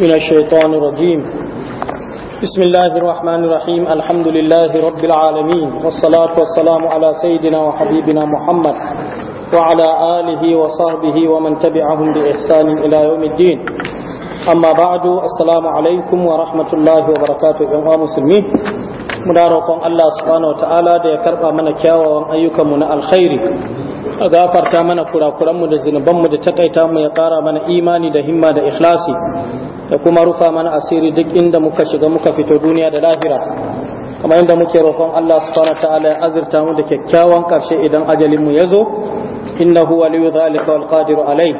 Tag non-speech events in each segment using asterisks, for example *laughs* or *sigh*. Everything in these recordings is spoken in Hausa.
من الشيطان الرجيم بسم الله الرحمن الرحيم الحمد لله رب العالمين والصلاة والسلام على سيدنا وحبيبنا محمد وعلى آله وصحبه ومن تبعهم بإحسان إلى يوم الدين أما بعد السلام عليكم ورحمة الله وبركاته يا مسلمين muna roƙon Allah subhanahu wa ta'ala da ya karɓa mana kyawawan ayyukanmu na alkhairi a gafarta mana kurakuranmu da mu da takaita mu ya ƙara mana imani da himma da ikhlasi da kuma rufa mana asiri duk inda muka shiga muka fito duniya da lahira kamar inda muke roƙon Allah subhanahu ta'ala ya azurta mu da kyakkyawan ƙarshe idan ajalinmu ya zo innahu waliyu zalika wal qadiru alai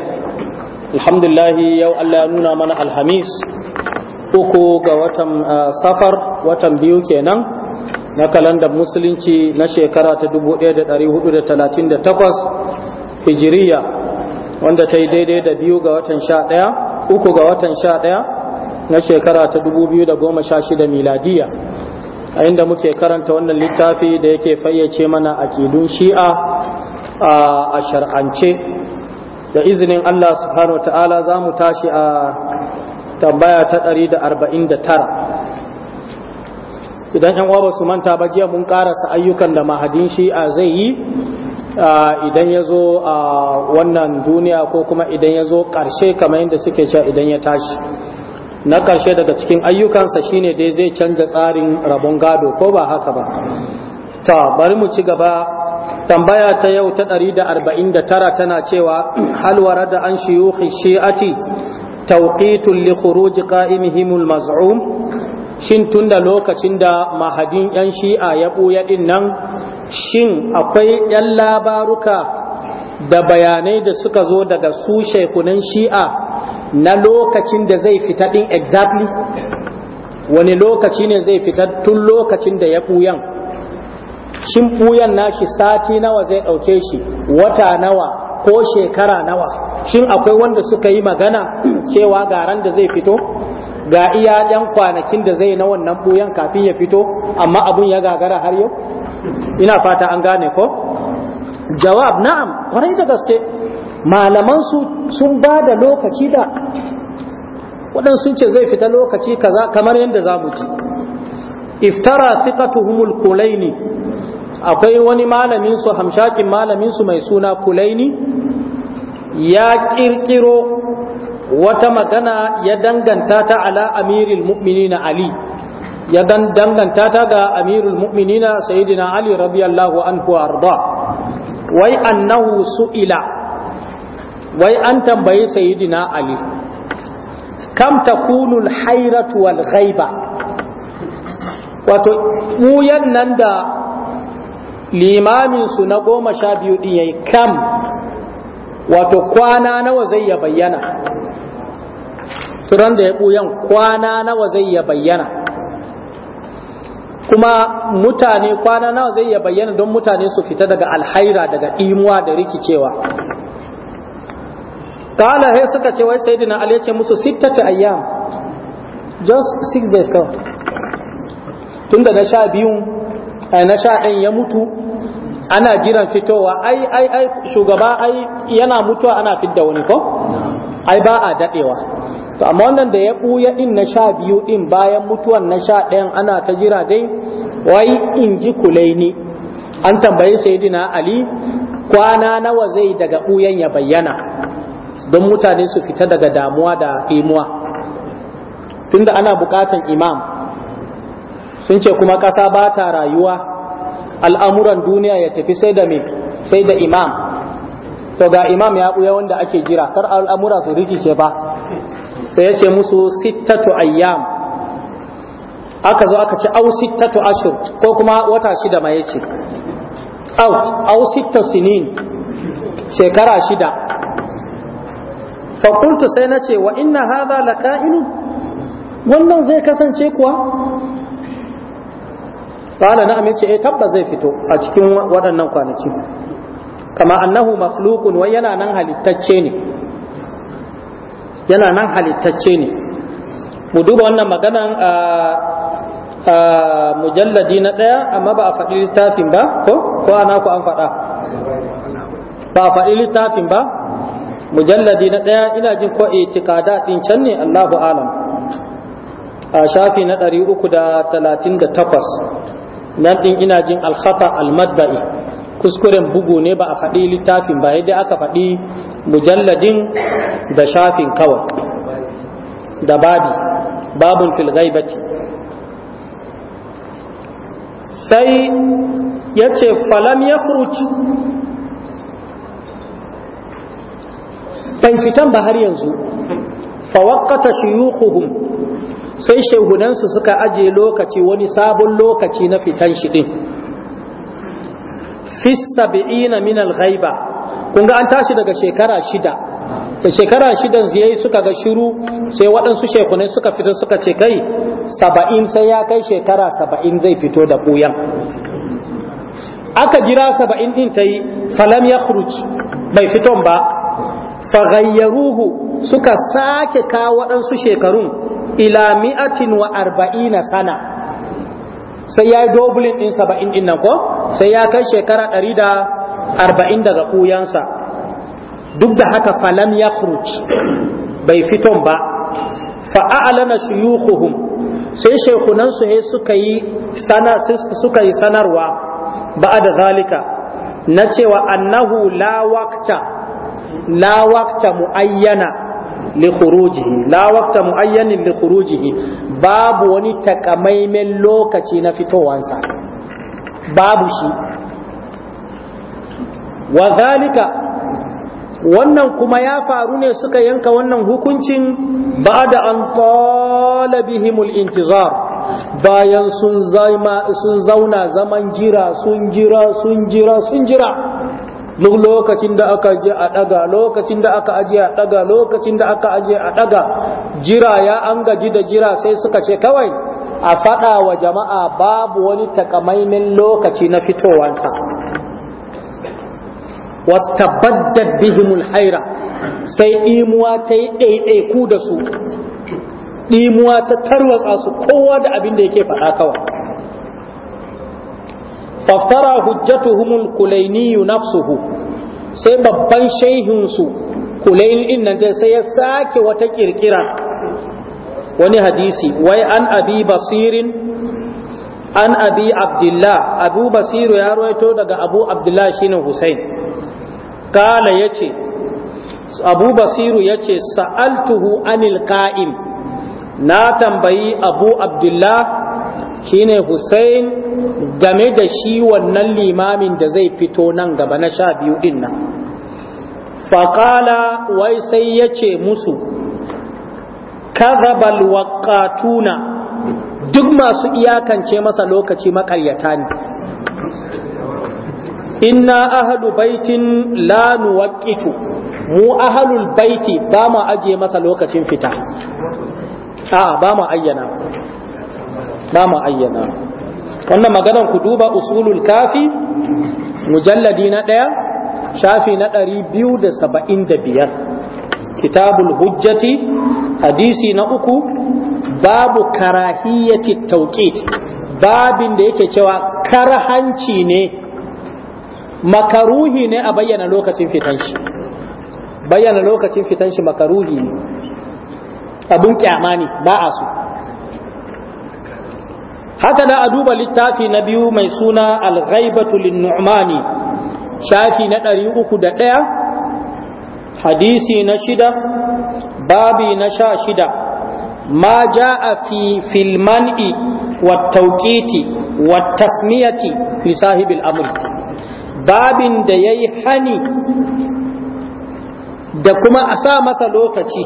alhamdulillah yau Allah ya nuna mana alhamis uku ga watan ah, safar watan biyu kenan na kalandar musulunci na shekara ta 1438 hijiriya wanda ta yi daidai da biyu ga watan sha ɗaya uku ga watan sha ɗaya na shekara ta 2016 miladiya a inda muke karanta wannan littafi da yake fayyace mana akidun shi'a a shar'ance da izinin Allah subhanahu wa ta'ala za mu tashi a tambaya ta 149 idan yan uwa su manta ba jiya mun karasa ayyukan da mahadin shi'a zai yi idan ya zo a wannan duniya ko kuma idan ya zo ƙarshe kamar yadda suke sha idan ya tashi na ƙarshe daga cikin ayyukansa shine dai zai canza tsarin rabon gado ko ba haka ba ta bari mu ci gaba tambaya ta yau ta 149 tana cewa halwara da an shi shi'ati tawqitun li khuruj mazum shin tunda lokacin da mahadin 'yan shi'a ya ɓuya ɗin nan shin akwai 'yan labaruka da bayanai da suka zo daga su shaikunan shi'a na lokacin da zai fita ɗin exactly wani lokaci ne zai fita tun lokacin da ya ɓuyan shin ɓuyan nashi sati nawa zai ɗauke shi wata nawa ko shekara nawa shin akwai wanda suka yi magana cewa garan da zai fito ga iya ɗan kwanakin da zai na wannan ɓuyan kafin ya fito amma abun ya gagara har yau ina fata an gane ko jawab na'am kwarai da gaske malaman su sun ba da lokaci da waɗansu ce zai fita lokaci kaza kamar yadda za mu ci. iftara fiqatuhumul kulaini akwai wani malamin su hamshakin malamin su mai suna kulaini ya kirkiro wata magana ya danganta ta ala amiril mu'minina ali ya danganta ta ga amirul mu'minina sayyidina ali radiyallahu anhu arda wai annahu su'ila wai an tambaye sayyidina ali kam takunu al-hayratu ghaiba wato mu nan da limamin su na goma sha biyu din yayi kam wato kwana nawa zai ya bayyana suran da ya ɓuyan kwana nawa zai ya bayyana kuma mutane kwana nawa zai ya bayyana don mutane su fita daga alhaira daga imuwa da rikicewa ƙala hai suka ce wai sai dina ya ce musu sittata ayyam just six days kawai tunda na sha biyun eh, na sha ɗan ya mutu ana jiran fitowa ai ai ai shugaba ai yana mutuwa ana fidda wani ko ai ba a daɗewa to amma wannan da ya buya ɗin na sha biyu ɗin bayan mutuwan na sha ɗayan ana ta jira dai wai in ji kulaini an tambayi sayyidina ali kwana nawa zai daga buyan ya bayyana don mutane su fita daga damuwa da imuwa tunda ana bukatan imam sun ce kuma ƙasa ba ta rayuwa al'amuran duniya ya tafi sai da sai da imam to ga imam ya buya wanda ake jira kar al'amura su rikice ba sai ya ce musu sittatu ayyam aka zo aka ce au sittatu ashur ko kuma wata shida ma yace out au sittatu sinin shekara shida qultu sai na ce wa inna hadha ka'inu wannan zai kasance kuwa qala na'am yace eh tabba zai fito a cikin waɗannan kwanaki kama annahu makhluqun wa yana nan halittacce ne yana nan halittacce ne mu duba wannan magana a mujalladi na ɗaya amma ba a faɗi littafin ba ko ko ana ku an faɗa ba a faɗi littafin ba mujalladi na ɗaya ina jin ko itikada ɗin can ne Allahu alam a shafi na ɗari uku da talatin da takwas nan ɗin ina jin al almadba'i kuskuren bugu ne ba a faɗi littafin ba yadda aka faɗi mujalladin da shafin kawai da babi babun fil sai ya ce falam ya bai fitan ba har yanzu fawakkata shuyukuhum sai shehunansu suka aje lokaci wani sabon lokaci na fitan shi ɗin. Fissa sab'ina min ghaiba kun ga an tashi daga shekara shida da shekara shida yayi suka ga shiru sai waɗansu shekunai suka fito suka ce kai saba'in sai ya kai shekara saba'in zai fito da ɓuyan aka jira saba'in ɗin ta yi falam ya bai fiton ba fagayyaruhu suka sake kawo waɗansu shekarun ila mi'atin wa arba'ina sana sai ya yi dobulin ɗin saba'in ɗin nan ko sai ya kai shekara ɗari da arba'in daga kuyansa. duk da haka falam ya bai fiton ba na shuyukuhum sai shekunansu he suka yi sana suka yi sanarwa ba'a da zalika na cewa annahu la waqta la muayyana li khurujihi la waqta muayyanin li babu wani takamaiman lokaci na fitowansa babu shi wa wannan kuma ya faru ne suka yanka wannan hukuncin ba da an talabihimul intizar bayan sun zauna zaman jira sun jira sun jira sun jira duk lokacin da aka je a daga lokacin da aka aje a daga lokacin da aka aje a daga jira ya an gaji da jira sai suka ce kawai a fada wa jama'a babu wani takamaimin lokaci na fitowansa wastabaddat bihimul haira sai imuwa ta yi ɗaiɗaiku da su ɗimuwa ta tarwatsa su kowa da abin da yake faɗa kawai faftara hujjatuhumul kulainiyu nafsuhu sai babban shaihinsu kulain din nan sai ya sake wata kirkira wani hadisi wai an abi basirin an abi abdullah abu basiru ya ruwaito daga abu abdullah shine husain kala yace abu basiru yace sa'altuhu anil ka'im na tambayi abu abdullah shine Hussein game da shi wannan limamin da zai fito nan gaba na sha biyu din nan faƙala wai sai ya ce musu kazabal waƙatuna duk masu iyakance masa lokaci maƙaryata ne inna ahalu baitin la nuwaqitu mu ahalul baiti ba mu ajiye masa lokacin fita a ba mu ayyana na ma'ayyana wannan maganar ku duba usulul kafi mujalladi na ɗaya shafi na ɗari biyu da saba'in da biyar kitabul hujjati hadisi na uku babu karahiyati tauqit babin da yake cewa karhanci ne makaruhi ne a bayyana lokacin fitanci bayyana lokacin fitanci makaruhi ne abun kyamani ba a so haka na a duba littafi na biyu mai suna al numani shafi na 301 hadisi na shida babi na sha shida ma a fi fil man'i wat tawqiti wat tasmiyati babin da yayi hani da kuma a sa masa lokaci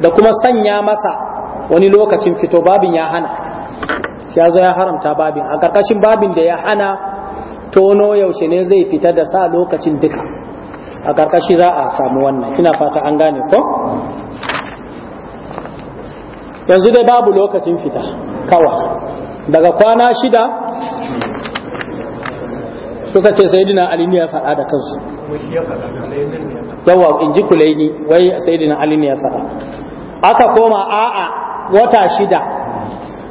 da kuma sanya masa wani lokacin fito babin ya hana ya zo ya haramta babin a ƙarƙashin babin da ya hana tono yaushe ne zai fita da sa lokacin duka a ƙarƙashi za a samu wannan kina fata an gane ko yanzu dai babu lokacin fita kawa daga kwana shida suka ce sai dina ne ya faɗa da kansu yawa in ji kulaini wai sai dina ne ya faɗa aka koma a'a wata shida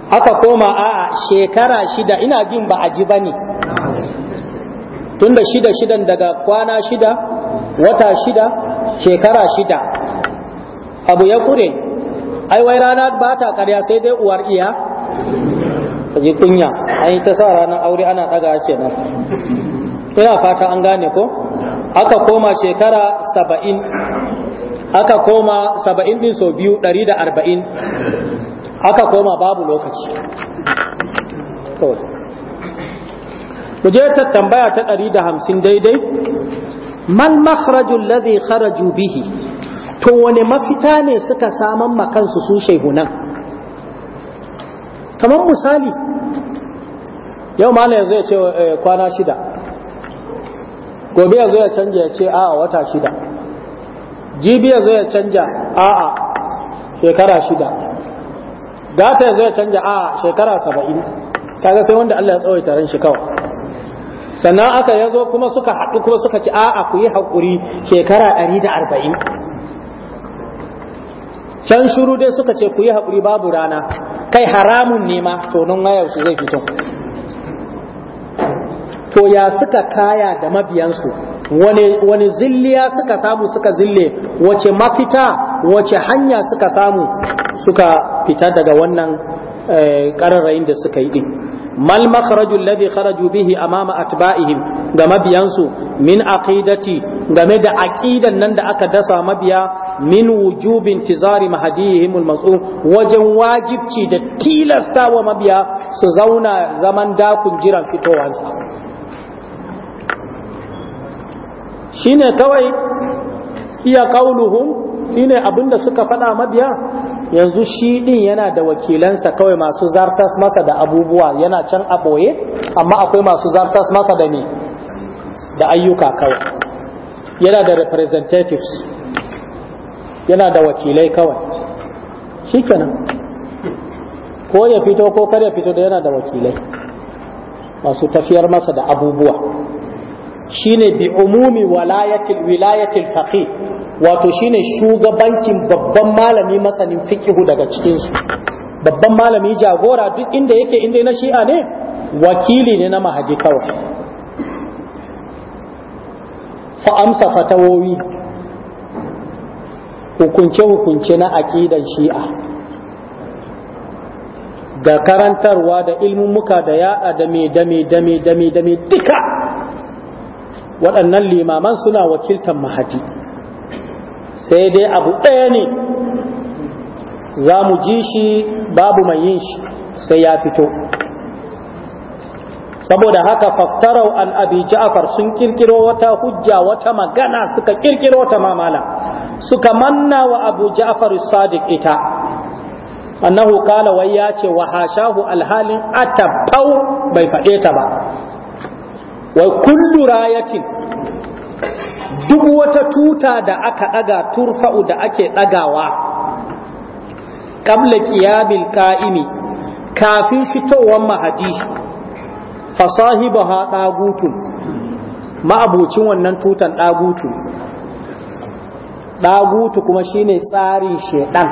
aka koma a shekara shida ina jin ba a ji ba ne tunda shida shidan daga kwana shida wata shida shekara shida abu ya kure ai wai rana ba ta karya sai dai uwar iya ji kunya an yi ta sa ranar aure ana daga kenan ina fata an gane ko aka koma shekara saba'in aka koma saba'in din so biyu ɗari da arba'in aka koma babu lokaci mu je ta tambaya ta 150 daidai man makharajul ladhi kharaju bihi to wane mafita ne suka saman makansu su shehunan kamar misali yau mallam yanzu ya ce eh, kwana shida gobe yanzu ya canja ya ce a'a wata shida jibi yanzu ya canja a'a shekara shida gata ya zo ya canja a shekara saba'in kaga sai wanda Allah ya tsawaita ran shi kawai sannan aka yazo kuma suka haɗu kuma suka ci a'a ku yi haƙuri shekara ɗari da arba'in can shuru dai suka ce ku yi haƙuri babu rana kai haramun nema tonon wayar su zai fito to ya suka kaya da mabiyansu wani zilliya suka samu suka zille wace mafita wace hanya suka samu suka fita daga wannan kararrayin eh, da suka yi din mal makharaju alladhi kharaju bihi amama atba'ihim ga mabiyansu min aqidati game da aqidan nan da aka dasa mabiya min wujubi intizari mahdihim almas'um wajen wajibci da tilasta wa mabiya su zauna zaman dakun jiran fitowansa. Shi ne kawai iya shi ne abinda suka faɗa mabiya yanzu shi din yana da wakilansa kawai masu zartas masa da abubuwa yana can a ɓoye amma akwai masu zartas masa da ne da ayyuka kawai yana da representatives yana da wakilai kawai kenan ko ya fito ko kar ya fito da yana da wakilai masu tafiyar masa da abubuwa shine bi umumi walayatil wilayatil faqih wato shine shugabancin babban malami masanin fikihu daga cikinsu. babban malami jagora duk inda yake inda na shi'a ne wakili ne na mahadi kawai fa amsa fatawowi hukunce-hukunce na aƙidan shi'a da karantarwa da ilmummuka da ya'a da me da me da me da me duka waɗannan limaman suna wakiltar mahadi sai dai abu ɗaya ne za mu ji shi babu mai yin shi sai ya fito saboda haka faftarau an abi ja'far sun kirkiro wata hujja wata magana suka kirkiro wata mamala suka manna wa abu ja'far sadiq ita annahu kala wai ya ce wa hashahu alhalin atabau bai faɗe ta ba wai kullu rayatin duk wata tuta da aka daga turfa'u da ake ɗagawa ƙabla ƙiyabil qa'imi kafin fitowar mahadi fasahiba ha ɗagutu ma'abocin wannan tutan ɗagutu Dagutu kuma shine tsarin shedan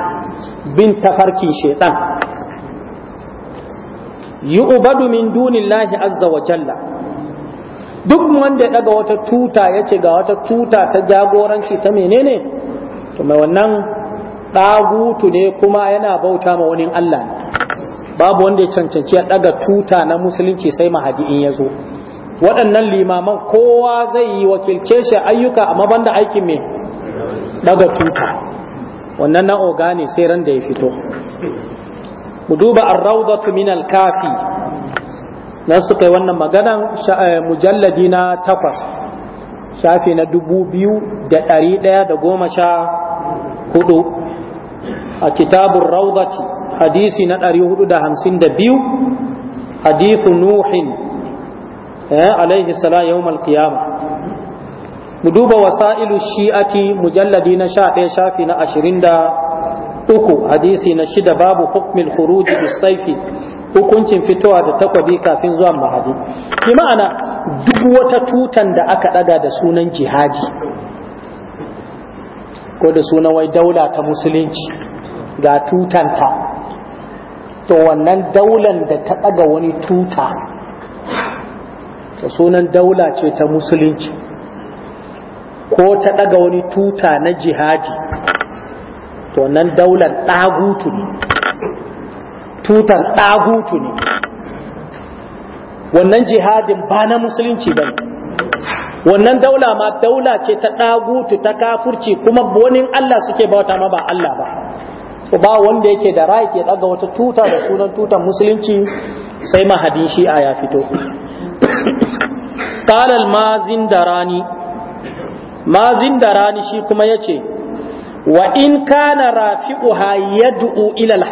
bin tafarkin shedan yi min dunillahi azza wa jalla duk wanda ya daga wata tuta ya ce ga wata tuta ta jagoranci ta menene to mai wannan ɗagutu ne kuma yana bauta ma wani Allah babu wanda ya cancanci ya daga tuta na musulunci sai mahadi in ya zo waɗannan limaman kowa zai yi wakilce shi ayyuka a mabanda aikin me daga tuta wannan na sai ran da ya fito mu duba ar kafi na suka yi wannan maganan eh, mujalladi na takwas shafi na dubu biyu da ɗari ɗaya da goma sha hudu a kitabun raudati hadisi na ɗari hudu da hamsin da biyu hadithu nuhin eh, alaihi salam yawmal qiyama mu duba wasa'ilu shi'ati mujalladi na sha ɗaya shafi na ashirin da uku hadisi na shida babu hukmin khuruji saifi. hukuncin fitowa da takwabi kafin zuwan mahadi bi ma'ana duk wata tutan da aka daga da sunan jihadi ko da sunan wai daula ta musulunci ga tutanta to wannan daular da ta daga wani tuta to sunan daula ce ta musulunci ko ta daga wani tuta na jihadi to nan daular ɗagutu ne tutan ɗagutu ne wannan jihadin ba na musulunci ba wannan daula ma daula ce ta ɗagutu ta kafurci kuma wani Allah suke bauta ma ba Allah ba ba wanda yake da rai ke ɗaga wata tuta da sunan tutan musulunci sai mahadin shi'a ya fito *coughs* qalal mazin darani mazin darani shi kuma yace wa in kana rafi'u hayadu'u ila al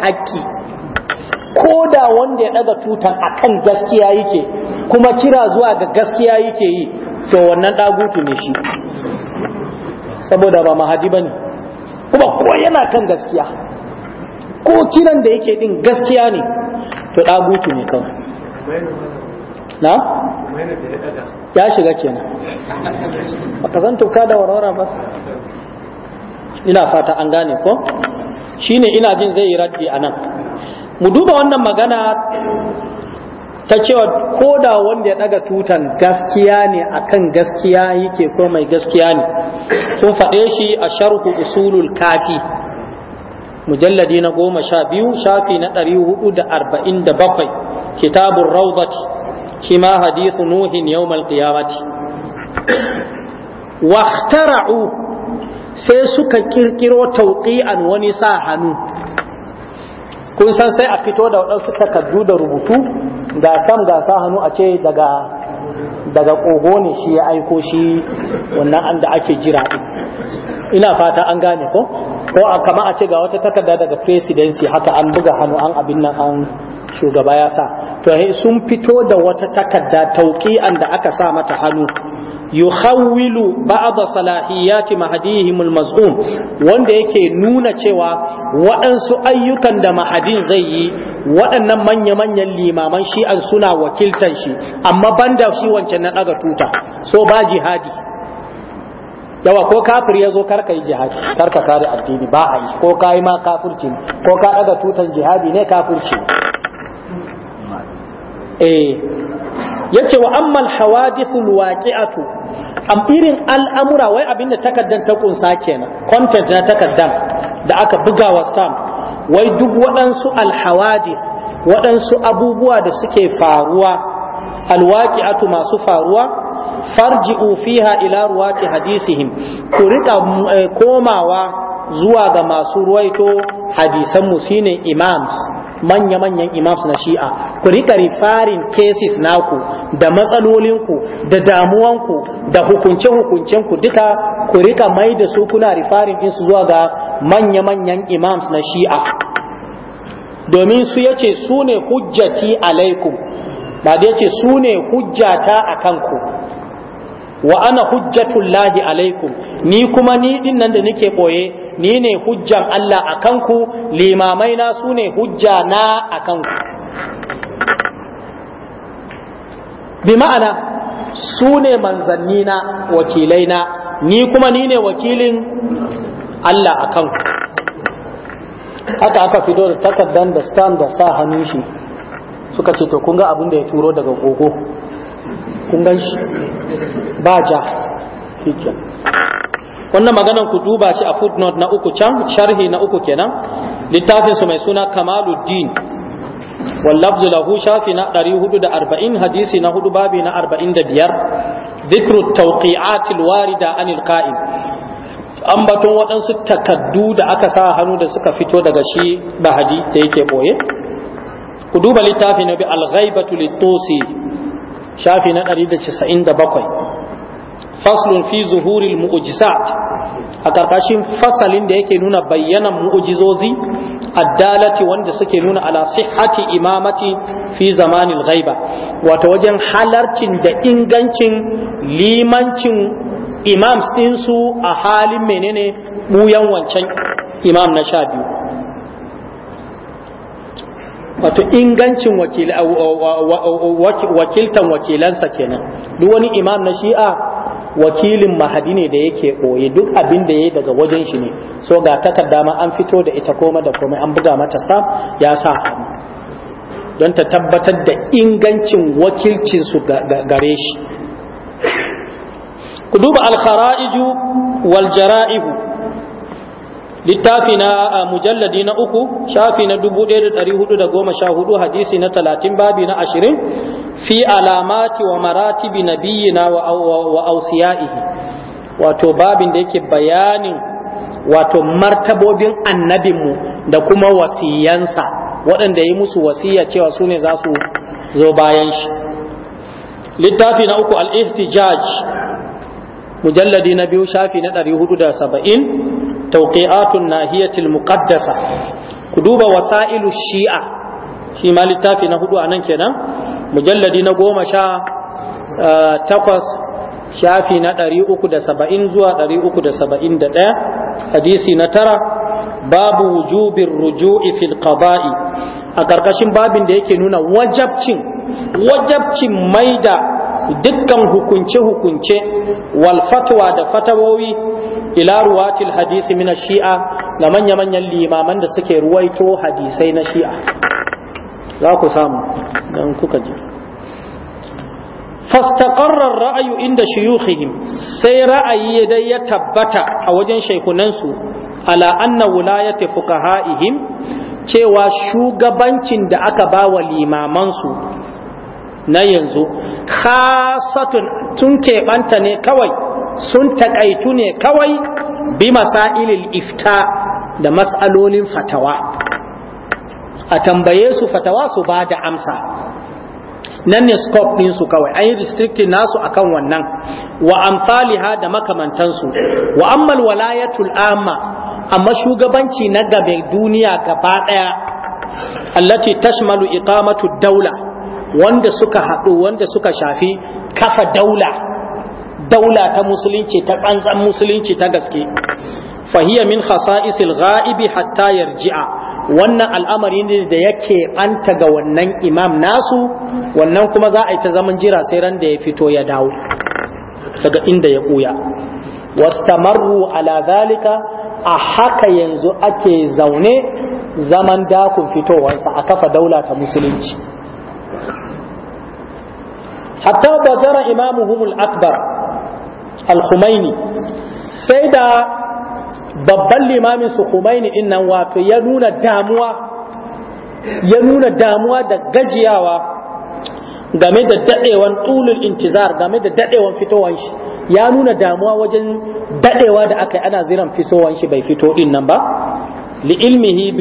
ko da wanda ya daga tutan akan gaskiya yake kuma kira zuwa ga gaskiya yake yi to wannan dagutu ne shi saboda ba mahadi ne. kuma ko yana kan gaskiya ko kiran da yake din gaskiya ne to dagutu ne kawai na ya shiga kenan baka san tuka da warwara ba ina fata an gane ko shine ina jin zai yi raddi anan mu duba wannan magana ta cewa ko da wanda ya daga tutan gaskiya ne akan gaskiya yake ko mai gaskiya ne sun faɗe shi a sharhu usulul kafi mujalladi na goma sha biyu shafi na ɗari hudu da arba'in da bakwai kitabun raudati shi ma hadithu nuhin yawmal qiyamati wahtara'u sai suka kirkiro tauqi'an wani sa hannu kun san sai a fito da waɗansu takardu da rubutu ga sam ga sa hannu a ce daga daga kogo ne shi ya aiko shi wannan an da ake jira ina fata an gane ko ko a kama a ce ga wata takarda daga presidency haka an buga hannu an abin nan an shugaba ya sa to sun fito da wata takarda tauki'an da aka sa mata hannu yukhawwilu ba'd salahiyati mahdihim al-maz'um wanda yake nuna cewa waɗansu ayyukan da mahadin zai yi waɗannan manya-manyan limaman shi'an suna wakiltan shi amma banda shi wancan na daga tuta so ba jihadi yawa ko kafir ya zo karka yi jihadi karka kare addini ba a yi ko ka yi ma kafirci ko ka daga tutan jihadi ne kafirci eh yace wa ammal hawadithul waqi'atu am irin al'amura wai abinda takaddan ta kunsa kenan content na takaddan da aka buga wa stamp wai duk waɗansu alhawadith waɗansu abubuwa da suke faruwa alwaqi'atu masu faruwa farji'u fiha ila ruwati hadisihim ku rika eh, komawa zuwa ga masu ruwaito hadisanmu shine imams manya-manyan imams na shi'a ku rika rifarin cases naku da matsalolinku da damuwanku da hukunce-hukuncenku duka ku rika mai da su kuna rifarin su zuwa ga manya-manyan imams na shi'a domin su yace su ne hujjati alaikum ba da yace su ne hujjata a kanku wa ana lahi alaikum ni kuma ni din nan da nake boye ni ne hujjan Allah akan ku limamai na su ne hujja na akan ku bi ma'ana su ne manzanni na wakilai na ni kuma ni ne wakilin Allah akan ku haka aka fito da takardan da stand da sa hannun shi suka ce to kun ga abin da ya turo daga gogo kun gan shi ba ja wannan maganan ku duba shi a footnote na uku can sharhi na uku kenan littafin su mai suna kamaluddin wallabdu lahu shafi na 440 hadisi na hudu babi na 45 dhikru tawqi'atil warida anil qa'im ambaton waɗansu takaddu da aka sa hannu da suka fito daga shi bahadi da yake boye ku duba littafin na bi al-ghaibatu lit-tusi shafi na ɗari da da casa'in bakwai faslun fi zuhuril mu'jizat a ƙarƙashin fasalin da yake nuna bayyanan mu'ujizozi addalati wanda suke nuna ala sihhati imamati fi zamanil ghaiba Wata wajen halarcin da ingancin limancin imams ɗinsu a halin menene buyan wancan imam na sha biyu wato ingancin wakiltan wakilansa kenan duk wani imam na shi'a wakilin mahadi ne da yake ɓoye duk abin da ya yi daga wajen shi ne so ga takarda ma an fito da ita koma da komai an buga mata sa ya sa hannu don ta tabbatar da ingancin wakilcinsu gare shi ku duba alkhara'iju wal jara'ihu. littafi na mujalladi na uku shafi na 1414 hadisi na talatin babi na 20 fi alamati wa maratibi na wa ausiyaihi wato babin da yake bayanin wato martabobin annabinmu da kuma wasiyansa waɗanda yi musu wasiya cewa su ne za su zo bayan shi littafi na uku al-ihtijaj mujalladi na biyu shafi na 470 tawqi'atun nahiyatil muqaddasa ku duba wasailu shi'a shi ma littafi na hudu anan kenan mujalladi na goma sha takwas shafi na ɗari uku da saba'in zuwa ɗari uku da saba'in da ɗaya hadisi na tara babu wujubin ruju'i fil qada'i a ƙarƙashin babin da yake nuna wajabcin wajabcin maida dukkan hukunce-hukunce wal da fatawowi ila ruwatil hadisi min shi'a na manya-manyan limaman da suke ruwaito hadisai na shi'a za ku samu don kuka ji fastaqarrar ra'ayu inda shuyukhihim sai ra'ayi dai ya tabbata a wajen shaikunansu ala anna wulayati fuqaha'ihim cewa shugabancin da aka ba wa limamansu na yanzu khasatun tun keɓanta ne kawai sun taƙaitu ne kawai bi masailil ifta da mas'alolin fatawa a tambaye su fatawa su ba da amsa nan ne scope ɗinsu kawai an yi restricting nasu akan wannan wa amsaliha da makamantansu wa ammal walayatul amma amma shugabanci na gabe duniya gaba ɗaya allati tashmalu iqamatu daula wanda suka haɗu wanda suka shafi kafa daula daula ta musulunci ta tsantsan musulunci ta gaske fahiya min khasa'isil ga'ibi hatta yarji'a wannan al'amari ne da yake anta ga wannan imam nasu wannan kuma za a yi ta zaman jira sai ran da ya fito ya dawo daga inda ya ɓuya wastamarru ala zalika a haka yanzu ake zaune zaman dakun fitowarsa a kafa daula ta musulunci hatta bajara imamuhumul akbar al-khumaini sai da babban limamin su khumaini innan wato ya nuna damuwa ya nuna damuwa da gajiyawa game da dadewan tulul intizar game da dadewan fitowan shi ya nuna damuwa wajen dadewa da aka yi ana ziran fitowan shi bai fito din nan ba li ilmihi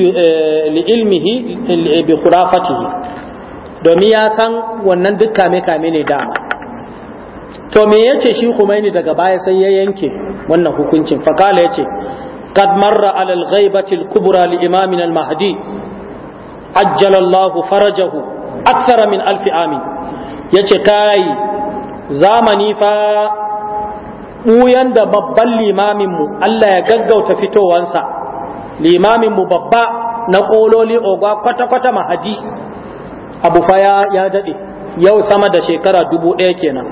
bi khurafatihi domin ya san wannan duk kame-kame ne dama to me ya ce shi Khomeini daga baya sai ya yanke wannan hukuncin fakala ya ce قد مر على الغيبة الكبرى لإمامنا المهدي عجل الله فرجه أكثر من ألف yace kai zamani fa buyan da babban limaminmu Allah ya gaggauta fitowansa limaminmu babba na ƙololi ogwa kwata-kwata mahadi abu fa ya daɗe yau sama da shekara dubu ɗaya kenan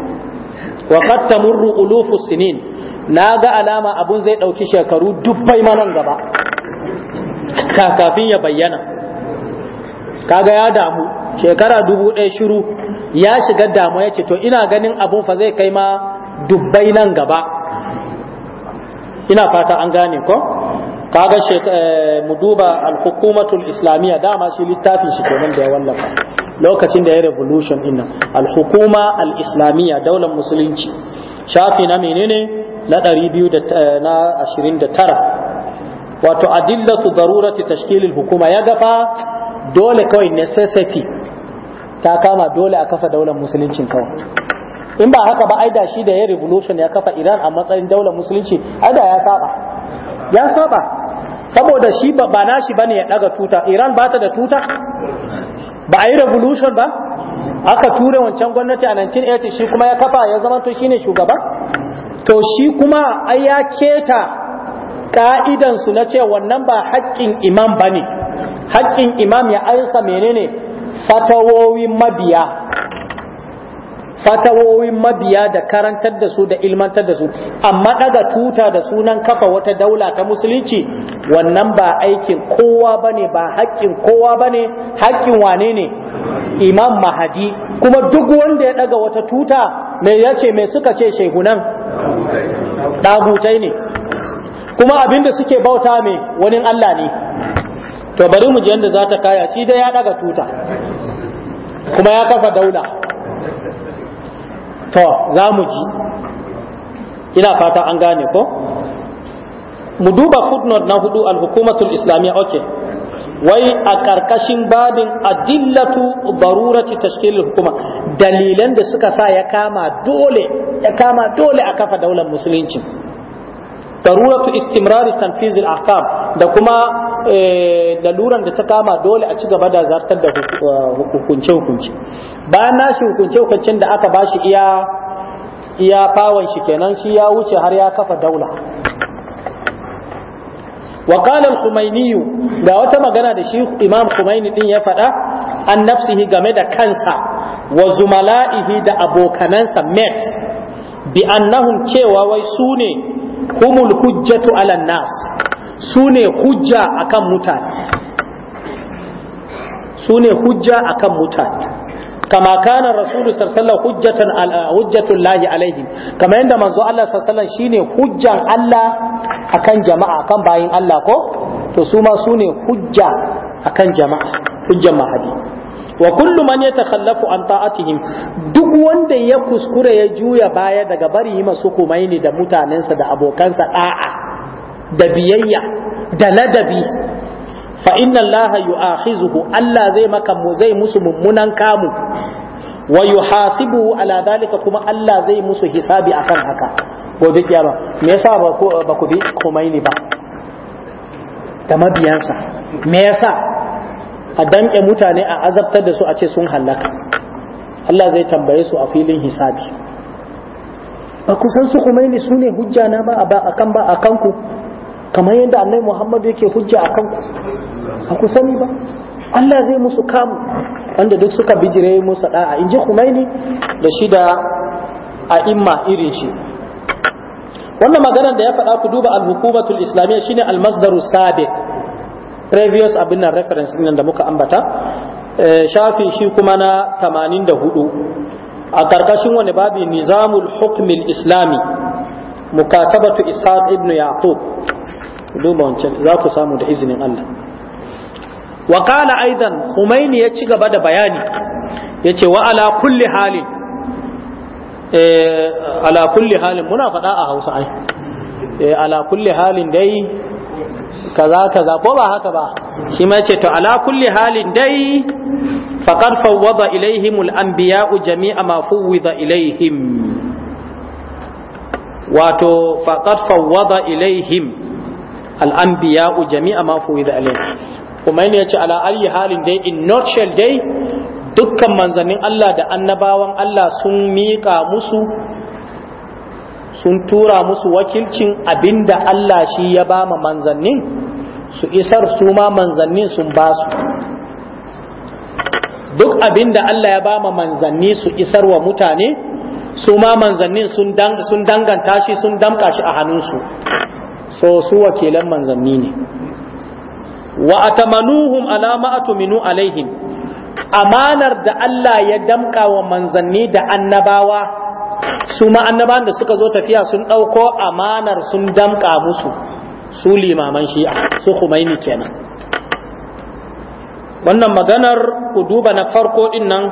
wa qad tamurru ulufu sinin na ga alama abun zai ɗauki shekaru dubbai manan gaba kafin ya bayyana kaga ya damu shekara dubu ɗaya shiru ya shiga damu ya ce to ina ganin abun fa zai kai ma dubbai nan gaba ina fata an gane ko kaga eh, mu duba al-hukumatul islamiyya dama shi littafin shi kenan da ya wallafa lokacin da ya revolution din nan al-hukuma al-islamiyya daular musulunci shafi na menene na 200 eh, na tara. wato adillatu darurati tashkilil hukuma ya gafa dole kawai necessity ta kama dole a kafa daular musulunci kawai in ba haka ba ai da shi da ya revolution ya kafa Iran a matsayin daular musulunci ai da ya saba ya saba saboda shi ba na shi bane ya daga tuta iran ba ta da tuta ba a yi revolution ba aka ture wancan gwamnati a 1980 shi kuma ya kafa ya zama to shine shugaba to shi kuma ai ya keta ka'idansu na ce wannan ba haƙƙin imam bane haƙƙin imam ya aisa menene fatawowin mabiya fatawoyin mabiya da karantar da su da ilmantar da su amma daga tuta da sunan kafa wata daula ta musulunci wannan ba aikin kowa bane ba haƙƙin kowa bane haƙƙin wane ne imam mahadi kuma duk wanda ya daga wata tuta mai yace mai suka ce shehunan ɗagutai ne kuma abin da suke bauta mai wani Allah ne to bari mu je yadda za ta kaya shi dai ya daga tuta kuma ya kafa daula to za mu ji ina fata an gane ko mu duba footnote na hudu al-hukumatul islamiyya okay wai a karkashin babin adillatu barurati tashkilil hukuma dalilan da suka sa ya kama dole ya kama dole a kafa daular musulunci daruratu istimrari tanfizil ahkam da kuma eh, laluran da ta kama dole a ci gaba da zartar da eh, hukunce hukunce bayan nashi hukunce hukuncen da aka bashi iya iya fawon shi kenan shi ya wuce har ya kafa daula wa qala al da wata magana da shi imam Kumaini din ya faɗa an nafsihi game da kansa wa zumala'ihi da abokanansa mates bi annahum cewa wai su ne humul hujjatu ala nas su ne hujja akan mutane su ne hujja akan mutane kama kana rasulu sallallahu hujjatan lahi alaihim kama yanda manzo Allah shi shine hujjan Allah akan jama'a akan bayin Allah ko to su ma su ne hujja akan jama'a hujjan mahadi wa kullu man yatakhallafu an ta'atihim duk wanda ya kuskure ya juya baya daga bari masu kumaini da mutanensa da abokansa da'a da biyayya da ladabi fa inna allaha yu'akhizuhu Allah zai maka zai musu mummunan kamu wa yuhasibuhu ala dalika kuma Allah zai musu hisabi akan haka gobe kiyama me yasa ba ku bi kumaini ba da mabiyansa me yasa a danƙe mutane a azabtar da su a ce sun hallaka Allah zai tambaye su a filin hisabi ba ku san su kuma ne su ne hujja na ba a kan ba a kanku kamar yadda annabi Muhammadu yake hujja a kanku ba ku sani ba Allah zai musu kamu wanda duk suka bijire musu da'a in ji Khumaini da shi da a'imma irin shi wannan maganar da ya faɗa ku duba al-hukumatul islamiyya shine al-masdaru previous abin nan reference din da muka ambata eh, shafi shi kuma na 84 a karkashin wani babi nizamul hukmil islami mukatabatu ishaq ibn yaqub duba wancan za ku samu da izinin Allah wa qala aidan ya ci gaba da bayani yace wa ala kulli halin eh ala kulli halin muna faɗa a Hausa ai eh ala kulli halin dai kaza kaza ko ba haka ba shi ma ce to ala kulli halin dai faqad fawwada ilaihim al-anbiya'u jami'a ma fuwida ilaihim wato faqad fawwada ilaihim al-anbiya'u jami'a ma fuwida ilaihim kuma ne yace ala ayi halin dai in not shall dai dukkan manzannin Allah da annabawan Allah sun miƙa musu sun tura musu wakilcin abinda Allah shi ya ba ma manzannin su isar su ma manzannin sun ba su duk abinda Allah ya ba ma manzanni su isar wa mutane su ma manzannin sun danganta shi sun damka shi a hannunsu so su wakilan manzanni ne wa atamanuhum ala ma atuminu alaihim amanar da Allah ya damka wa manzanni da annabawa su ma annaba da suka zo tafiya sun ɗauko amanar sun damƙa musu su limaman shi'a su Khumaini kenan wannan maganar ku duba na farko din nan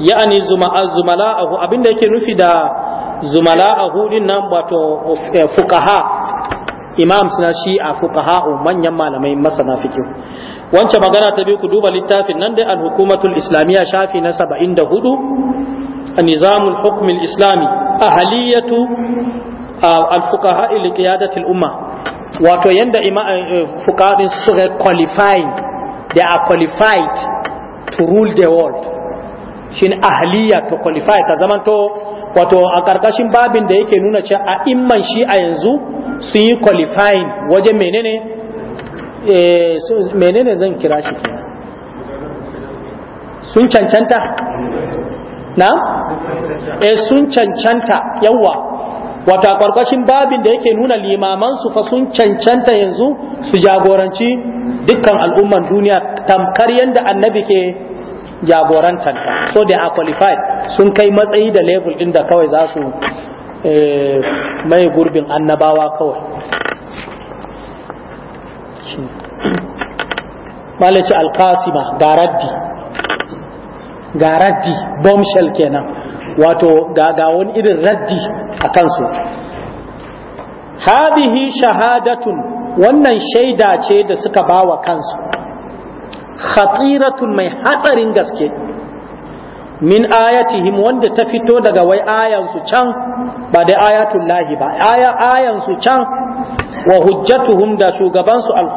ya'ani zumala'ahu abinda yake nufi da zumala'ahu din nan wato eh, fuqaha imam suna shi'a fuqaha manyan malamai masana fikihu wance magana ta biyu ku duba littafin nan dai al-hukumatul islamiyya shafi na 74 نظام الحكم الإسلامي أهلية الفقهاء لقيادة الأمة wato yanda fukarin suka qualified they are qualified to rule the world shin ahliya to qualify ka to wato a karkashin babin da yake nuna cewa a imman shi a yanzu su yi qualifying waje menene menene zan kira shi sun cancanta na eh sun cancanta yawa wata karkashin babin da yake nuna limaman su fa sun cancanta yanzu su jagoranci dukkan al'umman duniya tamkar yadda annabi ke jagorantar so they are qualified sun kai matsayi da level din da kawai za su eh, mai gurbin annabawa kawai malaci alkasima ga raddi ga raddi bombshell kenan wato ga ga wani irin raddi a kansu hadihi shahadatun wannan shaida ce da suka bawa kansu khatiratun mai hatsarin gaske min ayatihim wanda ta fito daga wai ayansu can ba da ayatul lahi ba ayansu can wa hujjatuhum da shugabansu al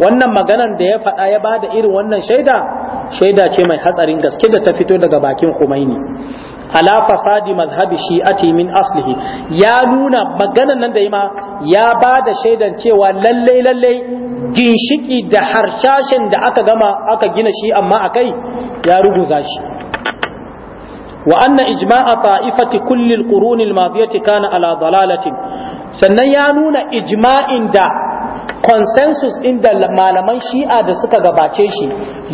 wannan maganan da ya faɗa ya bada irin wannan shaida shaida ce mai hatsarin gaske da ta fito daga bakin Khomeini ala fasadi madhhabi shi'ati min aslihi ya nuna maganan nan da ma ya ba da shaidan cewa lalle lalle ginshiki da harshashin da aka gama aka gina shi amma akai ya ruguza shi wa anna ijma'a ta'ifati kulli al-qurun al-madiyati kana ala dalalatin sannan ya nuna ijma'in da consensus inda da malaman shi'a da suka gabace shi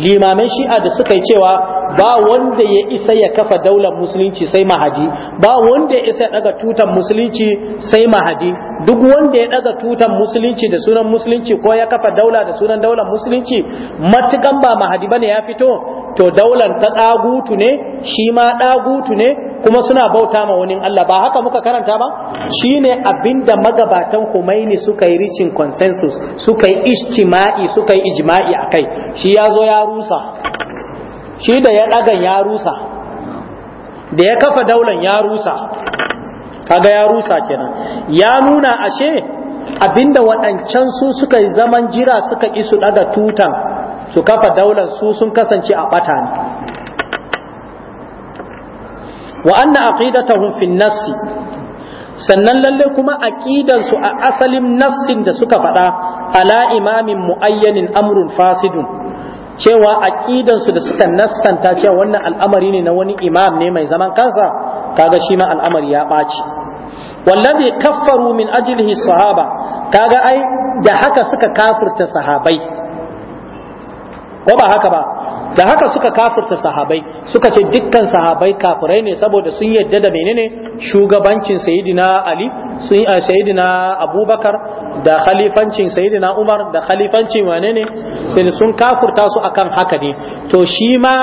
limaman shi'a da suka yi cewa ba wanda ya isa ya kafa daular musulunci sai mahadi ba wanda ya isa ya daga tutan musulunci sai mahadi duk wanda ya daga tutan musulunci da sunan musulunci ko ya kafa daula da sunan daular musulunci matukan ba mahadi bane ya fito to daular ta dagutu ne shi ma dagutu ne kuma suna bauta ma wani Allah ba haka muka karanta ba shine abinda magabatan Khomeini suka yi reaching consensus suka yi ijtima'i suka yi ijma'i akai shi yazo ya rusa shi da ya ɗagan ya rusa da ya kafa daular ya rusa kaga ya rusa kenan ya nuna ashe abinda waɗancan su suka yi zaman jira suka ƙi su ɗaga tutan su kafa daular su sun kasance a ɓata ne wa anna aqidatahum fi nassi sannan lalle kuma aqidansu a asalin nassin da suka faɗa ala imamin muayyanin amrun fasidun cewa aqidansu da suka nassanta cewa wannan al'amari ne na wani imam ne mai zaman kansa kaga shi ma al'amari ya ɓaci wallazi kaffaru min ajlihi sahaba kaga ai da haka suka kafirta sahabai ko ba haka ba da haka suka kafirta sahabai suka ce dukkan sahabai kafirai ne saboda sun yadda da menene shugabancin sayyidina ali eh, sayyidina abubakar da khalifancin sayyidina Umar da khalifancin wane ne sai sun kafurta su akan haka ne to shi ma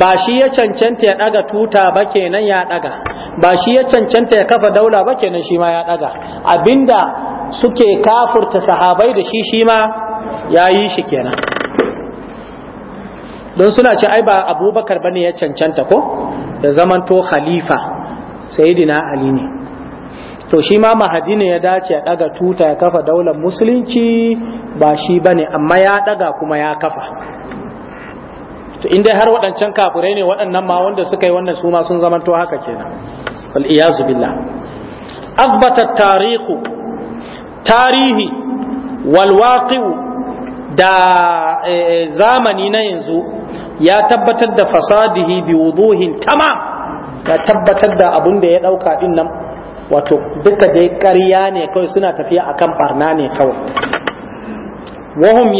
ba shi ya cancanta ya daga tuta ba kenan ya daga ba shi ya cancanta ya kafa daula ba kenan shi ma ya daga abinda suke kafurta sahabai da shi shi ma ya yi shi kenan don suna ce ai ba abubakar bane ya cancanta ko ya zamanto khalifa sayyidina ali ne to shi ma mahadi ne ya dace ya daga tuta ya kafa daular musulunci ba shi ba ne amma ya daga kuma ya kafa to inda har waɗancan kafirai ne waɗannan ma wanda suka yi wannan su ma sun to haka kenan wal iyazu billah tarihu tarihi wal da e, e, zamani na yanzu ya tabbatar da fasadihi bi wuduhin tamam ya tabbatar da abun da ya dauka din nan wato duka dai ƙarya ne kawai suna tafiya akan barna ne kawai wahum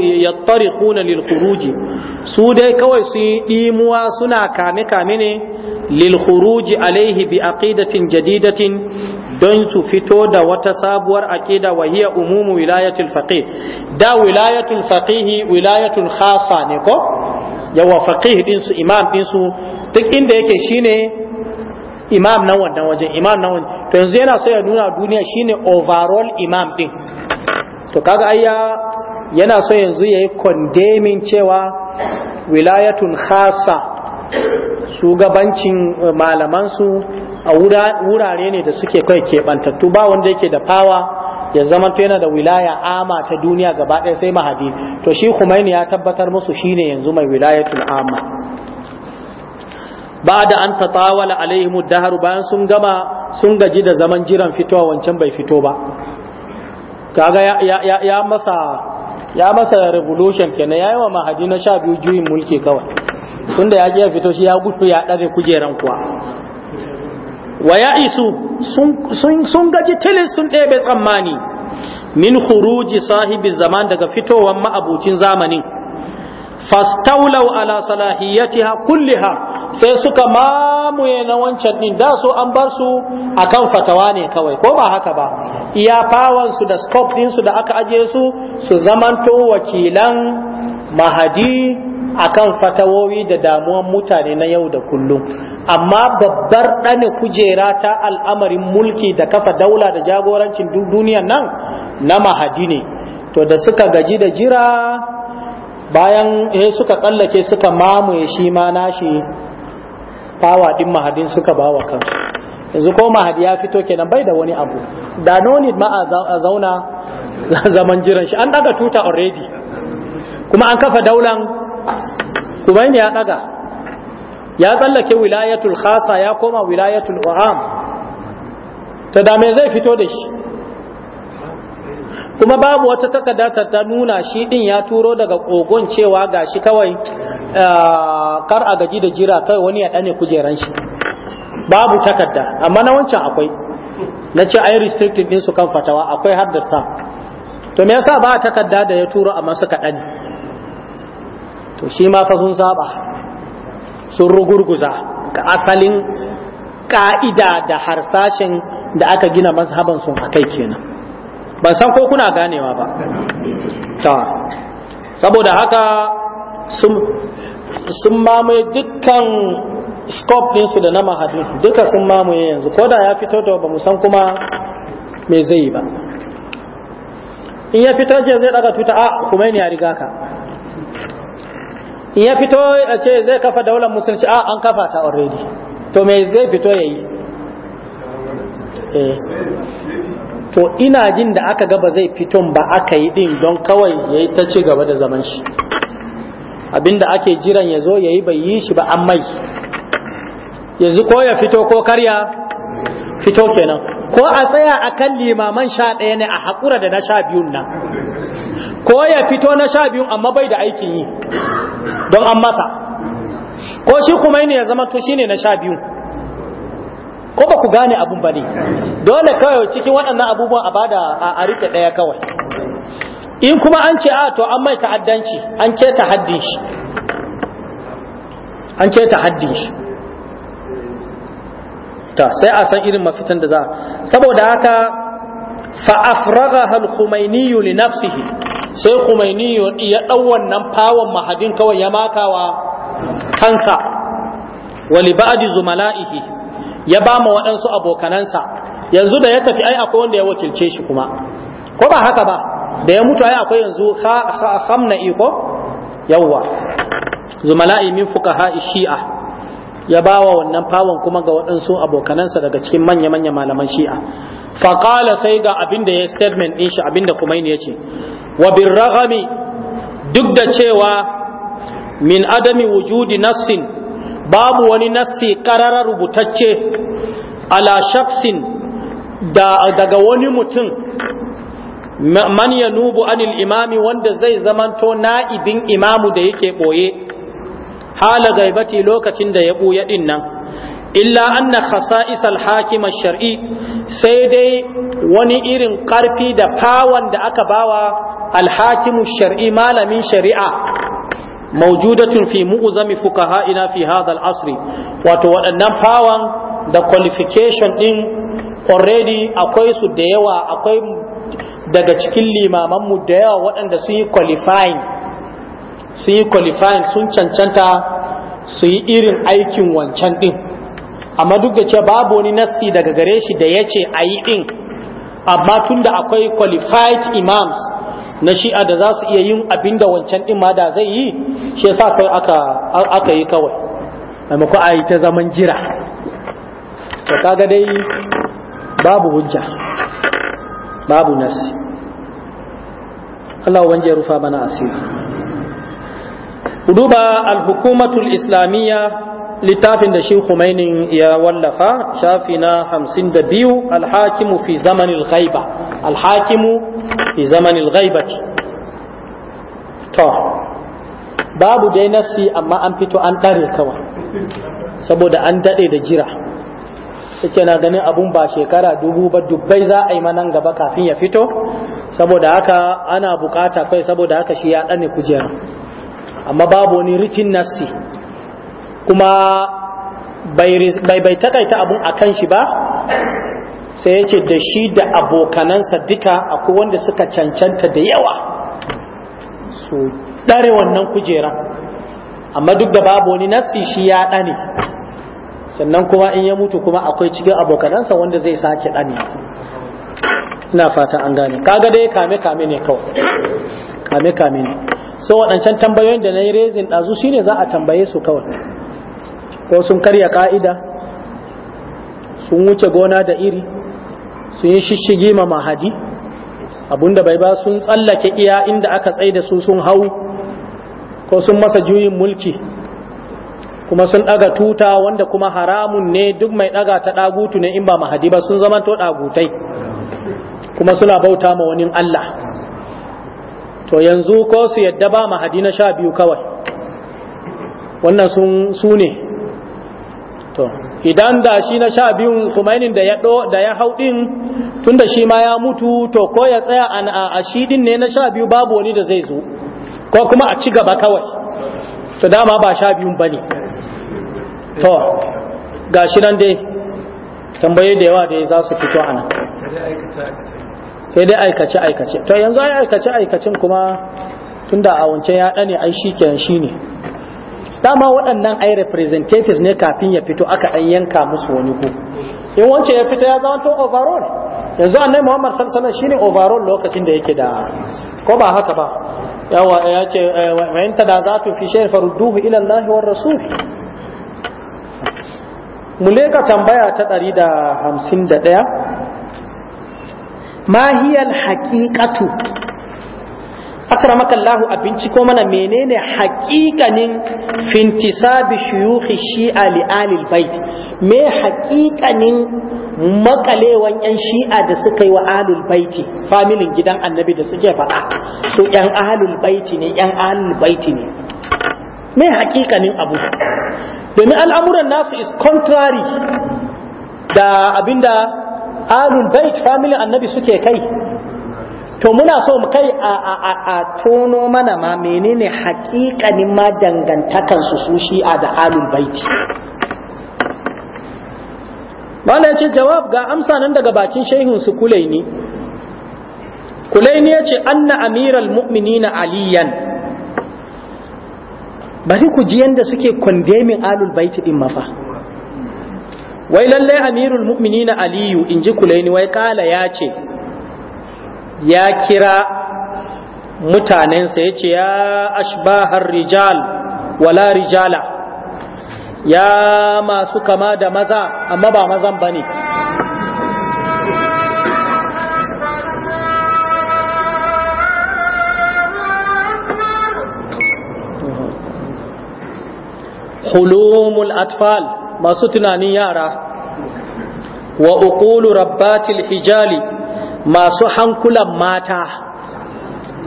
yattarikhuna lil khuruji su dai kawai su yi dimuwa suna kame kame ne lil khuruji alaihi bi aqidatin jadidatin don su fito da wata sabuwar aqida wahiya hiya umumu wilayatul faqih da wilayatul faqih wilayatul khassa ne ko yawa faqih din su imam din su duk inda yake shine imam nan wannan wajen imam nan wajen to yanzu yana so ya nuna duniya shine overall imam din to kaga ayya yana so yanzu yayi condemning cewa wilayatun khasa shugabancin eh, malamansu a wurare ne da suke kai keɓantattu ba wanda yake da power ya zama to yana da wilaya ama ta duniya gaba ɗaya sai mahadi to shi Khumaini ya tabbatar musu shine yanzu mai wilayatul ama ba da an tatawala alaihimu daharu bayan sun gama sun gaji da zaman jiran fitowa wancan bai fito ba kaga ya, ya, ya, masa ya masa revolution kenan ya yi wa mahaji na sha biyu juyin mulki kawai tunda ya ya fito shi ya gudu ya ɗare kujeran kuwa wa ya isu sun, gaji tilis sun ɗebe tsammani min khuruji sahibi zaman daga fitowar ma'abucin zamanin fastaulau ala salahiyatiha kulliha sai suka mamuye na wancan din da su an bar su akan fatawa ne kawai ko ba haka ba iya fawon su da scope din su da aka aje su su zamanto wakilan mahadi akan fatawowi da damuwan mutane na yau da kullum amma babbar ɗane kujera ta al'amarin mulki da kafa daula da jagorancin duk duniyan nan na mahadi ne to da suka gaji da jira bayan he suka tsallake suka mamaye shi ma nashi fawa din mahadin suka bawa kansu yanzu ko mahadi ya fito kenan bai da wani abu da noni ma a zauna *laughs* zaman jiran shi an daga tuta already kuma an kafa daulan kuma ya daga ya tsallake wilayatul khasa ya koma wilayatul uam ta da me zai fito da shi kuma babu wata takarda ta nuna shi din ya turo daga kogon cewa gashi kawai kar a gaji da jira kai wani ya dane kujeran shi babu takarda amma na wancan akwai na ce ai restricted din su kan fatawa akwai har da stamp to me yasa ba takarda da ya turo amma suka dane to shi ma fa sun saba sun rugurguza ga asalin ka'ida da harsashin da aka gina mazhaban sun akai kenan ban san ko kuna ganewa ba ta saboda haka sun mamaye dukkan scope dinsu da na mahadin duka sun mamaye yanzu ko da ya fito da ba san kuma me zai yi ba in ya fito je zai daga tuta a ah, kuma ya riga ka in ya fito a ce zai kafa daular musulunci a ah, an kafa ta already to me zai fito ya yi eh. to ina jin da aka ga zai fiton ba aka yi din don kawai ya yi ta ci gaba da zaman shi abinda ake jiran ya zo ya yi bai yi shi ba an mai yanzu ko ya fito ko karya fito kenan ko a tsaya a kan limaman sha ɗaya ne a haƙura da na sha biyun nan ko ya fito na sha biyun amma bai da aikin yi don an masa ko shi kuma ne ya zama to ne na sha biyun ko ba ku gane abun ba ne dole kawai cikin waɗannan abubuwan a bada a rike ɗaya kawai in kuma an ce a to an mai ta'addanci an keta haddin shi an keta haddin shi ta sai a san irin mafitan da za saboda haka fa afragha al-khumaini li nafsihi sai khumaini ya dau wannan fawon mahadin kawai ya makawa kansa wa li ba'di zumala'ihi ya ba ma waɗansu abokanansa yanzu da ya tafi ai akwai wanda ya wakilce shi kuma ko ba haka ba da ya mutu ai akwai yanzu hamna iko yawwa zumala'i min fuqaha shi'a ya ba wa wannan fawon kuma ga waɗansu abokanansa daga cikin manya-manya malaman shi'a faƙala sai ga abin da ya statement ɗin shi abin da ne ya ce wa bin ragami duk da cewa min adami wujudi nassin babu wani nassi ƙarara rubutacce ala shaksin daga wani mutum man ya nubu anil imami wanda zai zamanto na'ibin imamu da yake ɓoye hala gaibati lokacin da ya ɓuya ɗin nan illa anna khasa'is al-hakim shari sai dai wani irin ƙarfi da fawon da aka bawa alhakimu hakim shari malamin shari'a mawjudatun fi mu'zami fuqaha'ina fi hadha al'asri wato waɗannan fawan da qualification ɗin already akwai su da yawa akwai daga cikin limaman mu da yawa waɗanda sun yi qualifying sun yi qualifying sun cancanta su yi irin aikin wancan ɗin. amma duk da ce babu wani nassi daga gare shi da ya ce a yi din amma tunda akwai qualified imams na shi'a da za su iya yin abin da wancan ɗin ma da zai yi shi sa kai aka yi kawai maimako a yi ta zaman jira da kaga dai babu hujja babu nasi Allah wanje rufa mana asiri duba al-hukumatul islamiyya littafin da shi kumainin ya wallafa shafi na 52 al-hakimu fi zamanin ghaiba al-hakimu fi zamanil ghaibati to babu dai nasi amma an fito an tare kawai saboda an daɗe da jira yake na ganin abun ba shekara dubu ba dubbai za a yi manan gaba kafin ya fito saboda haka ana bukata kai saboda haka shi ya ɗane kujera amma babu wani rikin nasi kuma bai takaita abun a kan shi ba sai ya ce da shi da abokanansa duka akwai wanda suka cancanta da yawa su ɗare wannan kujera amma duk da babu wani nassi shi ya ɗane sannan kuma in ya mutu kuma akwai cikin abokanansa wanda zai sake ɗane ina fata an gane kaga dai kame kame ne kawai kame kame ne so waɗancan tambayoyin da na yi rezin ɗazu shine za a tambaye su kawai ko sun karya ka'ida sun wuce gona da iri Sun yi shishigi ma mahadi abinda bai ba sun tsallake iya inda aka tsaye da su sun hau ko sun masa juyin mulki kuma sun ɗaga tuta wanda kuma haramun ne duk mai ɗaga ta ɗagutu ne in ba mahadi ba sun zama to ɗagutai kuma suna bauta ma wani Allah to yanzu ko su yadda ba mahadi na sha biyu kawai wannan su ne idan da shi na sha biyun kumainin da ya da ya hau tun tunda shi ma ya mutu to ko ya tsaya a shi din ne na sha biyu babu wani da zai zo ko kuma a ci gaba kawai to dama ba sha biyun bane to gashi nan dai tambaye da yawa da za su fito ana sai dai aikace aikace to yanzu ai aikace aikacin kuma tunda a wancan ya dane ai shi kenan shine dama waɗannan ai representatives ne kafin ya fito aka ɗan yanka musu wani ku in wance ya fito ya zama to overall yanzu annai muhammad sallallahu alaihi shine overall lokacin da yake da ko ba haka ba yawa ya ce eh, wa in tu fi shay farudduhu ila Allah war rasul mu leka tambaya ta 151 ma hiya al haqiqatu akramakallahu a binciko mana menene haƙiƙanin fintisabi shuyukhi shi'a li alil bait me hakikanin makalewan yan shi'a da suka yi wa alul baiti familin gidan annabi da suke faɗa su yan alul baiti ne yan alul baiti ne me hakikanin abu domin al'amuran nasu is contrary da abinda alul bait familin annabi suke kai to muna so mu kai a a a a tono mana ma menene haƙiƙanin ma dangantakan su su a da alul baiti Malam ce jawab ga amsa nan daga bakin shehun su Kulaini Kulaini yace anna amiral mu'minina aliyan bari ku ji yanda suke condemning alul baiti din mafa wai lalle amirul mu'minina aliyu inji Kulaini wai kala yace. ce ya kira mutanensa ya ce ya ashbahar rijal wala rijala ya masu kama da maza amma ba mazan ba ne hulumul atfal masu tunanin yara wa uƙulu rabbatil hijali masu hankulan mata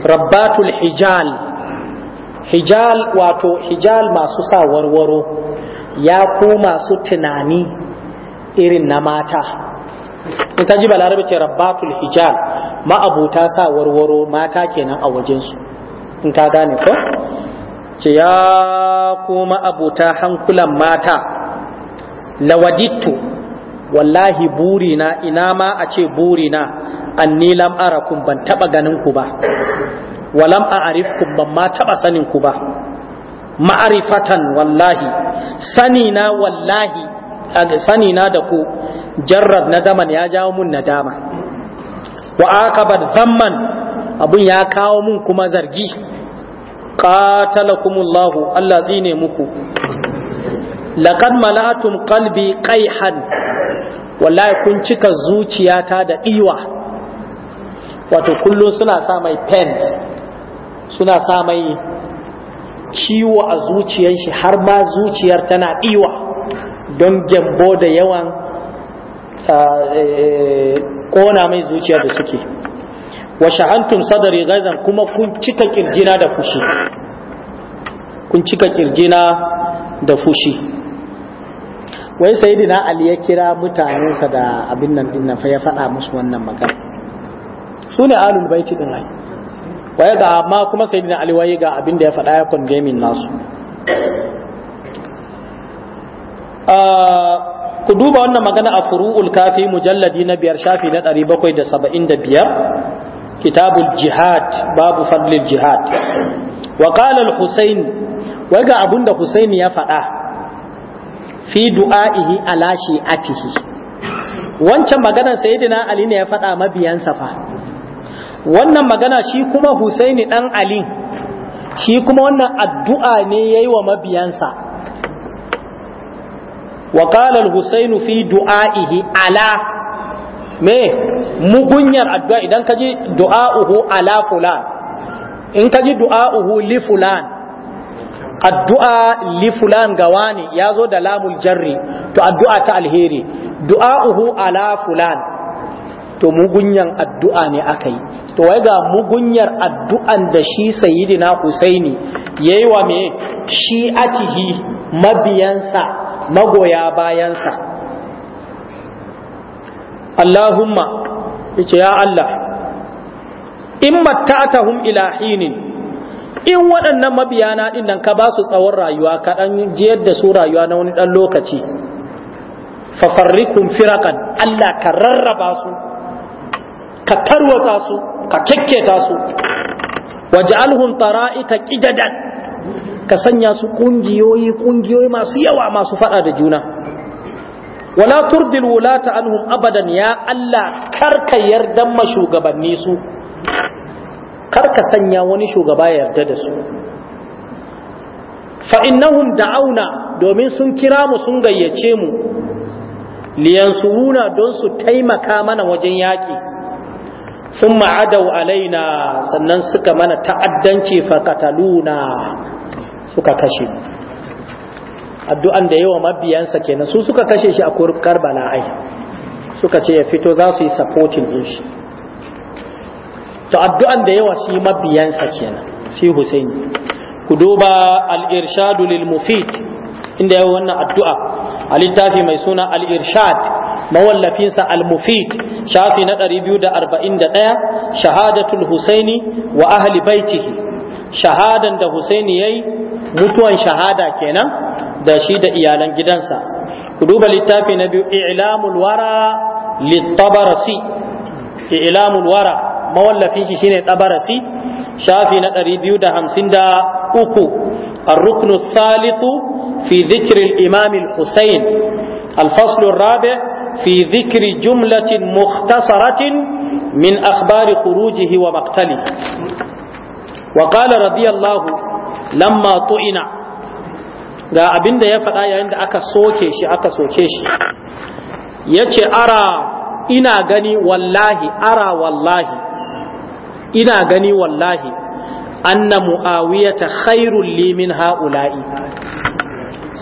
rabbatul hijal hijal wato hijal masu sa warwaro ya ku masu tunani irin na mata in ta ji balarabe ce rabbatul hijal ma'abuta sa warwaro mata kenan a wajensu in ta gane ko ce ya ku ma'abuta hankulan mata lawadittu wallahi burina ina ma a ce burina anni lam arakum ban taba ganin ku ba walam a'rifkum ban ma taba sanin ku ba ma'arifatan wallahi sani na wallahi sani na da ku jarrad nadaman ya jawo mun nadama wa aqabat dhamman abun ya kawo mun kuma zargi qatalakumullahu Allah tsine muku laqad mala'atum qalbi qayhan wallahi kun cika zuciyata da iwa wato kullum suna sa mai pens suna sa mai ciwo a zuciyar shi har ma zuciyar tana iwa don gyambo da yawan kona e, mai zuciyar da suke wa shahantum sadari gazan kuma kun cika kirjina da fushi kun cika kirjina da fushi wai sayidina ali ya kira mutanensa da abin nan din fa ya faɗa musu wannan magana su ne alul baiti din ai waye ga amma kuma sayyidina ali waye ga abin da ya faɗa ya condemning nasu ah, ku duba wannan magana a furu'ul kafi mujalladi na biyar shafi na ɗari bakwai da saba'in da biyar kitabul jihad babu fadlil jihad wa qala al-husayn wai ga abunda da husayn ya faɗa fi du'a'ihi ala shi'atihi wancan maganar sayyidina ali ne ya faɗa mabiyansa fa wannan magana shi kuma husaini dan ali shi kuma wannan addu'a ne yayi wa mabiyansa wa qala al-husainu fi du'aihi ala me mugunyar addu'a idan kaji du'a'uhu ala fulan in kaji du'a'uhu li fulan addu'a li fulan gawani yazo da lamul jarri to addu'a ta alheri du'a'uhu ala fulan to mugunyan addu'a ne aka yi to wai ga mugunyar addu'an da shi sayyidina husaini ya yi wa me shi atihi mabiyansa magoya bayansa Allahumma yace ya Allah in matta'atahum ila hinin in waɗannan mabiyana ɗin nan ka ba su tsawon rayuwa ka kaɗan jiyar da su rayuwa na wani ɗan lokaci fafarrikun firakan Allah ka rarraba su ka tarwatsa su ka kekketa su waje waj'alhum ita qidadan ka sanya su ƙungiyoyi-ƙungiyoyi masu yawa masu faɗa da juna wala turdil wulata anhum abadan ya Allah karka yardan ma shugabanni su karka sanya wani shugaba ya yarda da su fa innahum da'auna domin sun kira mu sun gayyace mu liyansuruna don su taimaka mana wajen yaƙi sun ma'adau alaina sannan suka mana ta'addanci fakataluna suka kashe addu'an da yawa mabiyansa kenan su suka kashe shi a karbala ai suka ce ya fito za su yi supporting din shi to addu'an da yawa shi mabiyansa kenan shi Hussein ku duba al-irshadu lil mufid inda yawa wannan addu'a a littafi mai suna al-irshad mawallafinsa al-mufid shafi na 241 shahadatul husaini wa ahli baitihi shahadan da husaini yayi mutuwan shahada kenan da shi da iyalan gidansa ku duba littafi na biyu i'lamul wara litabarasi i'lamul wara mawallafin shi shine tabarasi shafi na 253 ar-ruknu thalithu fi dhikri al-imam al-husayn al-faslu rabi في ذكر جملة مختصرة من أخبار خروجه ومقتله وقال رضي الله لما طئن ga abin da ya faɗa yayin da aka soke shi aka soke shi ya ce ara ina gani wallahi ara wallahi ina gani wallahi anna mu'awiyata khairul li min ha'ula'i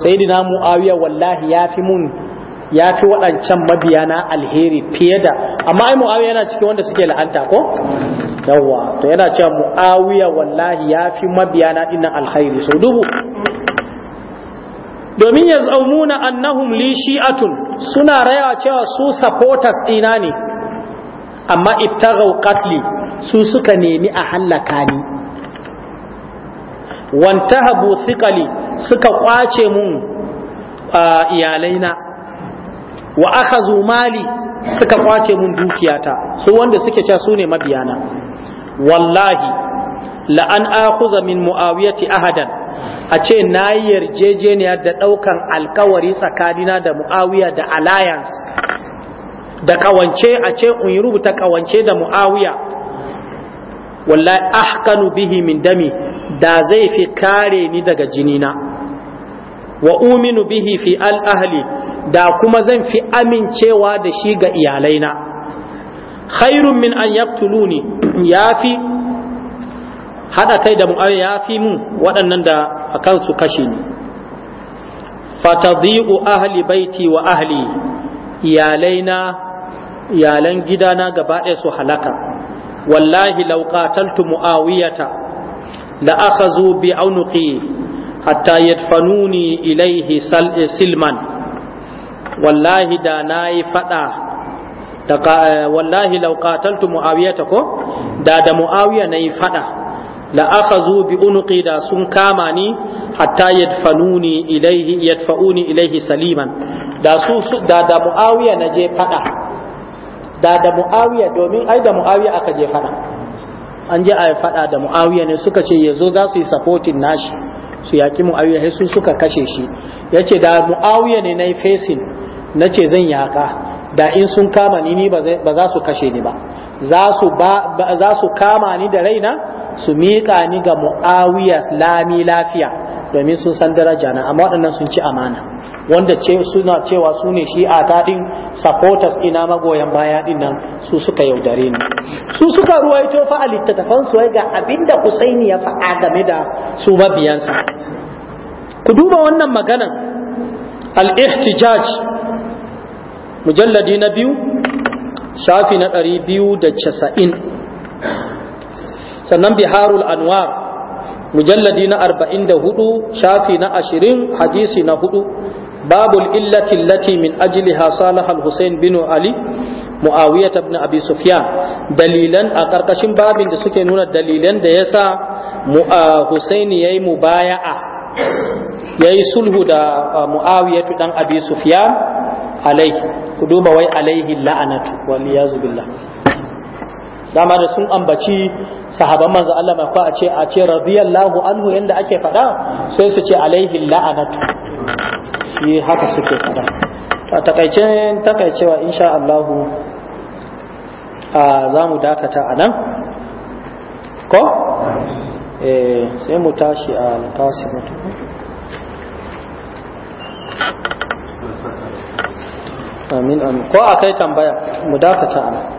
sayyidina mu'awiya wallahi ya fi mun ya fi waɗancan mabiya na alheri fiye da amma ai mu'awiya yana cikin wanda suke la'anta ko yawa to yana cewa mu'awiya wallahi ya fi mabiya na dinnan alheri sau dubu domin ya zaumuna annahum li shi'atun suna rayawa cewa su supporters ɗina ne amma ibtaghaw qatli su suka nemi a halaka ni wantahabu thiqali suka kwace mun ah, iyalaina wa akhazu mali suka kwace mun dukiyata su wanda suke cewa sune mabiyana wallahi la'an an akhuza min muawiyati ahadan a ce na yi yarjejeniya da ɗaukan alkawari tsakanina da mu'awiya da alliance da kawance a ce in rubuta kawance da mu'awiya wallahi ahkanu bihi min dami da zai fi kare ni daga jinina wa uminu bihi fi al ahli da kuma zan fi amincewa da shi ga iyalaina khairun min an yaqtuluni fi. Haɗa kai da mu'awiya yafi mun waɗannan da akan su kashe ni fatadhi'u ahli baiti wa ahli iyalaina iyalan gidana gaba ɗaya su halaka wallahi law qataltu mu'awiyata la akhazu bi aunuqi hatta yadfanuni ilaihi eh, silman wallahi da na yi fada, eh, wallahi lauƙataltu mu'awiyata ko da da mu'awiya na yi fada, da aka zo bi unuqi da sun kama ni hatta yadfanuni ilaihi yadfa'uni ilaihi saliman da su da da mu'awiya na je fada, da da mu'awiya domin ai da mu'awiya aka je fada, an je a yi fada da mu'awiya ne suka ce yazo za su yi supporting nashi su yaƙi muawiya sai su suka kashe shi Ya ce da muawiya ne fesin na ce zan yaka da in sun kama ni ba za su kashe ni ba za su kama ni da raina su miƙa ni ga mu'awiyar lami lafiya domin sun san daraja na amma waɗannan sun ci amana wanda ce suna cewa su ne shi a taɗin supporters ina magoyan baya ɗin nan su suka yaudare ni su suka ruwaito fa a littattafan su ga abinda Husaini ya fa'a game da su mabiyansa ku duba wannan maganan al-ihtijaj mujalladi na biyu shafi na ɗari biyu da casa'in sannan biharul anwar mujalladi na arba'in da hudu shafi na ashirin hadisi na hudu babul illati lati min ajliha salah al-husayn bin ali muawiyah ibn abi sufyan dalilan a karkashin babin da suke nuna dalilan da yasa husaini yayi mubaya'a yayi sulhu da muawiyah dan abi sufyan alai ku wai alaihi la'anatu wal billah dama da sun ambaci sahaban manzo Allah mai kwa a ce a ce radiyallahu anhu yanda ake faɗa sai su ce alaihi la'anatu shi haka suke faɗa a takaice takaicewa insha Allah a za mu dakata a nan ko eh sai mu tashi a mutu amin amin ko akai tambaya mu dakata a nan